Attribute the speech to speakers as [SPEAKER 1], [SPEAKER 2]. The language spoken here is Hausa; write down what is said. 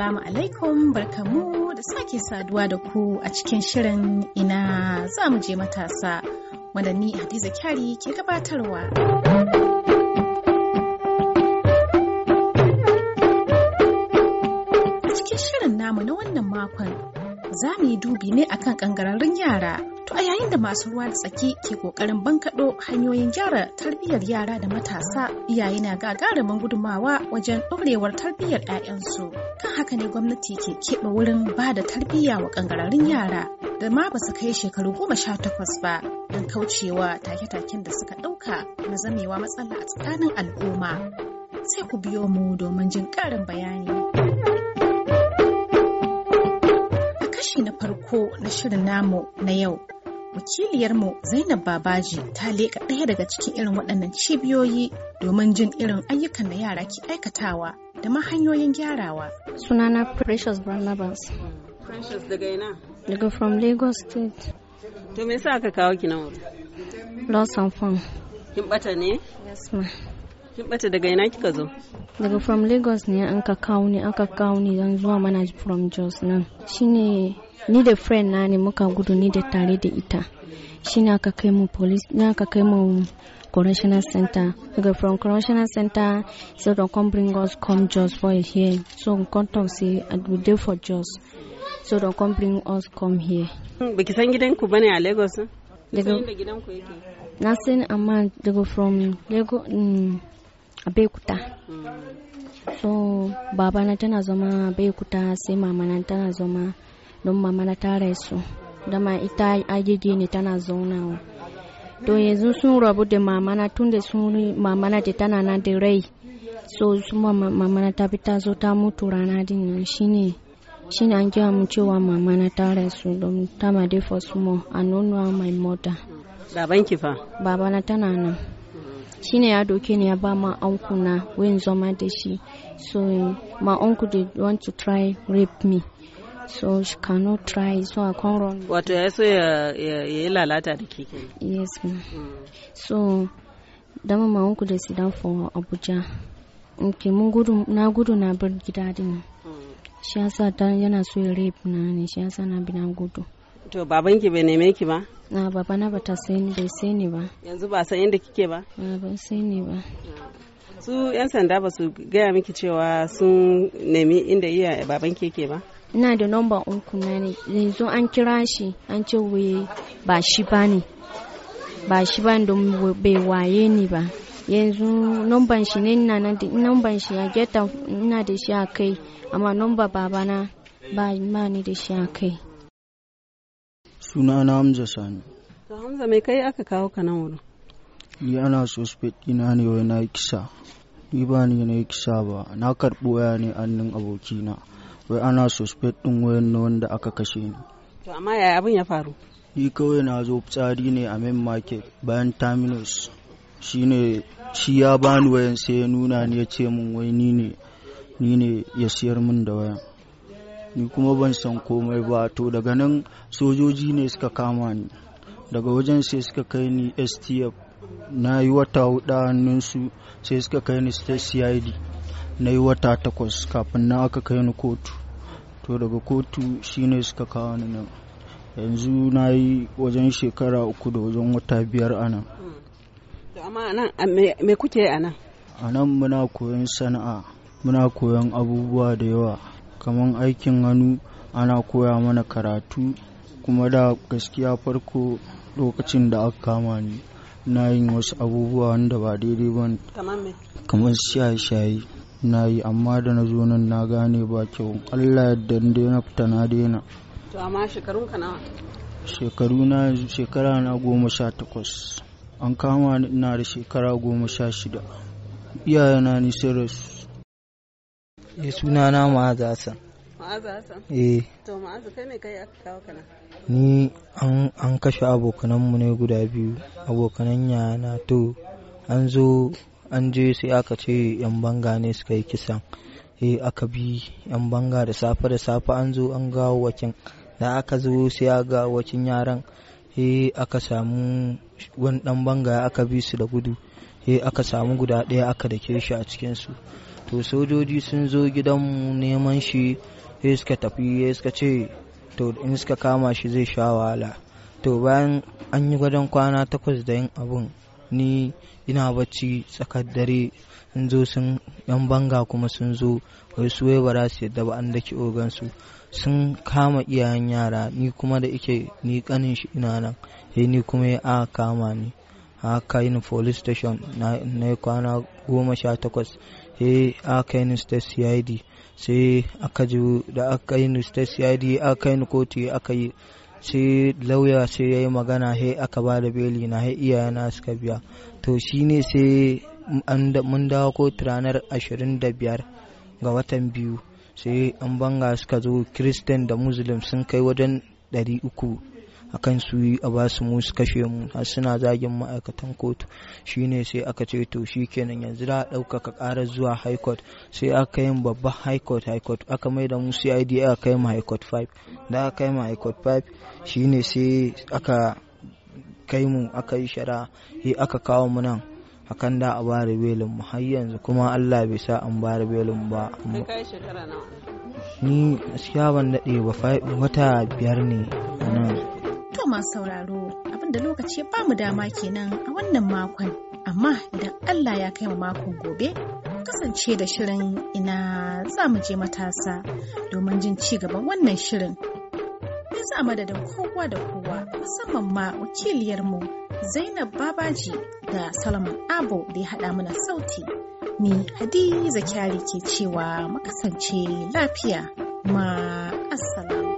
[SPEAKER 1] Assalamu alaikum barkamu da sake saduwa da ku a cikin shirin ina za mu je matasa wanda ni Hadiza Kyari ke gabatarwa. A cikin shirin namu na wannan makon za mu yi dubi ne akan kangararrun yara to a yayin da masu ruwa da tsaki ke kokarin bankaɗo hanyoyin gyara tarbiyyar yara da matasa iyaye na gagarumin gudumawa wajen ɗorewar tarbiyyar 'ya'yansu kan haka ne gwamnati ke keɓe wurin ba da tarbiyya wa kangararrun yara da ma ba su kai shekaru goma sha takwas ba don kaucewa take-taken da suka ɗauka na zamewa matsala a tsakanin al'umma sai ku biyo mu domin jin ƙarin bayani. na farko na shirin namu na yau wakiliyarmu zainab babaji ta leƙa ɗaya daga cikin irin waɗannan cibiyoyi domin jin irin ayyukan da yara ke aikatawa da ma hanyoyin gyarawa sunana precious barnabas
[SPEAKER 2] precious daga ina
[SPEAKER 3] daga from lagos state
[SPEAKER 2] to me sa aka kawo ki nan
[SPEAKER 3] lost and found
[SPEAKER 2] kin bata ne yes ma kin bata daga ina kika zo
[SPEAKER 3] daga from lagos ne an ka kawo ne aka kawo ne don zuwa mana from jos nan shine ni da friend na ne muka gudu ni da tare da ita shi na ka kai mu police ne aka kai mu correctional center daga from correctional center so don come bring us come just for here so come talk say and we dey for just so don come bring us come here
[SPEAKER 2] baki san ku bane a lagos daga ku yake na
[SPEAKER 3] san amma daga from lagos mm, abekuta mm. so baba na tana zama abekuta sai mama na tana zama don mamana ta rasu dama ita agege ne tana zaunawa to yanzu sun rabu da mamana tun da sun na da tana na da rai so su mamana ta ta zo ta mutu rana din nan shine shine an gaya mu cewa mamana ta su don ta ma dey for small a nonuwa mai mota baban ki fa na tana nan shine ya doke ne ya ba ma anku na wayan zama da shi so my uncle did want to try rape me so she cannot try so I can't run
[SPEAKER 2] wato ya so ya yi lalata da ke
[SPEAKER 3] yes ma mm. so dama ma da sidan for Abuja nke mun gudu na gudu na bar gida din mm. shi yasa ta yana so ya rape na ne shi yasa na bi na gudu
[SPEAKER 2] to baban ki bai neme ki ba na baba na bata sai bai sai ba yanzu ba san inda kike ba na ban sai ba mm. su yan sanda ba su gaya miki cewa sun nemi inda iya baban keke ba ina da nomba
[SPEAKER 3] unku na ne yanzu an kira shi an ce waye ba shi ba ne ba shi ba don bai waye ni ba yanzu nomban shi ne ina nan nomban shi a geta ina da shi a kai amma nomba na ba ma
[SPEAKER 2] ne da shi a kai
[SPEAKER 4] suna na hamza sani
[SPEAKER 2] to hamza mai kai aka kawo ka nan wurin
[SPEAKER 4] ni ana suspect ina ne wai na kisa ni ba ni na kisa ba na karɓo ya ne annin abokina wai ana suspect din wayan na wanda aka kashe ni
[SPEAKER 2] to amma yaya abin ya faru
[SPEAKER 4] ni kawai na zo tsari ne a main market bayan terminus shine shi ya bani wayan sai ya nuna ni ya ce min wai ni ne ni ne ya siyar min da waya ni kuma ban san komai ba to daga nan sojoji ne suka kama ni daga wajen sai suka kai ni stf na yi wata hudu su sai suka kai ni state cid na yi wata takwas kafin na aka kai ni kotu to daga kotu shine suka kawo ni nan yanzu na yi wajen shekara uku da wajen wata biyar a nan
[SPEAKER 2] me kuke a nan
[SPEAKER 4] a nan muna koyon sana'a muna koyon abubuwa da yawa kamar aikin hannu ana koya mana karatu kuma da gaskiya farko lokacin da aka kama ni na yin wasu abubuwa wanda ba daidai ba kamar shaye-shaye na yi amma da na zo nan na gane ba kyau allah yadda na fita na daina
[SPEAKER 2] to amma shekarun ka nawa
[SPEAKER 4] shekaru na shekara na goma sha takwas an kama na da shekara goma sha shida iyayena na sun ya eh, suna na ma'aza hassan
[SPEAKER 2] ma'aza hassan eh to ma'aza kai ne kai aka kawo kana
[SPEAKER 5] ni an kashe abokananmu ne guda biyu abokanan yana to an zo an je sai aka ce yan banga ne suka yi kisan e aka bi yan banga da safe da safe an zo an gawo wakin da aka zo sai a ga wakin yaran e aka samu wani dan banga aka bi su da gudu e aka samu guda ɗaya aka dake shi a cikin su to sojoji sun zo gidanmu neman shi e suka tafi ya e, suka ce to in suka kama shi zai sha wahala to bayan an yi gwajen kwana takwas da yin abun ni ina bacci tsakar dare sun zo sun yan banga kuma sun zo wai su wai ba za su yadda ba an daki ogansu sun kama iyayen yara ni kuma da ike ni kanin shi ina nan sai ni kuma ya a kama ni aka yi ni police station na kwana goma sha takwas sai aka yi ni state cid sai aka ji da aka yi ni state cid aka yi kotu aka yi sai lauya sai ya yi magana sai aka ba da beli na he iyayena suka biya to shi ne sai mun dawo ko ranar 25 ga watan biyu sai an banga suka zo kiristan da muslim sun kai wajen 300 a kan su a ba su mu su kashe mu har suna zagin ma'aikatan kotu shine sai aka ce to shi kenan yanzu da ɗaukaka ƙara zuwa high court sai aka yin babban high court high court aka mai da mu CID aka kai mu high court 5 da aka kai mu high court 5 shine sai aka kai mu aka yi shari'a sai aka kawo mu nan a kan da a bare belin mu har yanzu kuma Allah bai sa an bare belin ba ni gaskiya ban daɗe ba wata biyar ne a nan
[SPEAKER 1] To masu sauraro abinda lokaci ya bamu dama kenan a wannan makon amma idan Allah ya kai mu makon gobe kasance da shirin ina za mu je matasa domin jin ci gaban wannan shirin. za a madadin kowa da kowa musamman ma wakiliyarmu Zainab Babaji da Salman Abo da ya haɗa mana sauti. Ni Hadiza Zakari ke cewa makasance lafiya ma assalamu.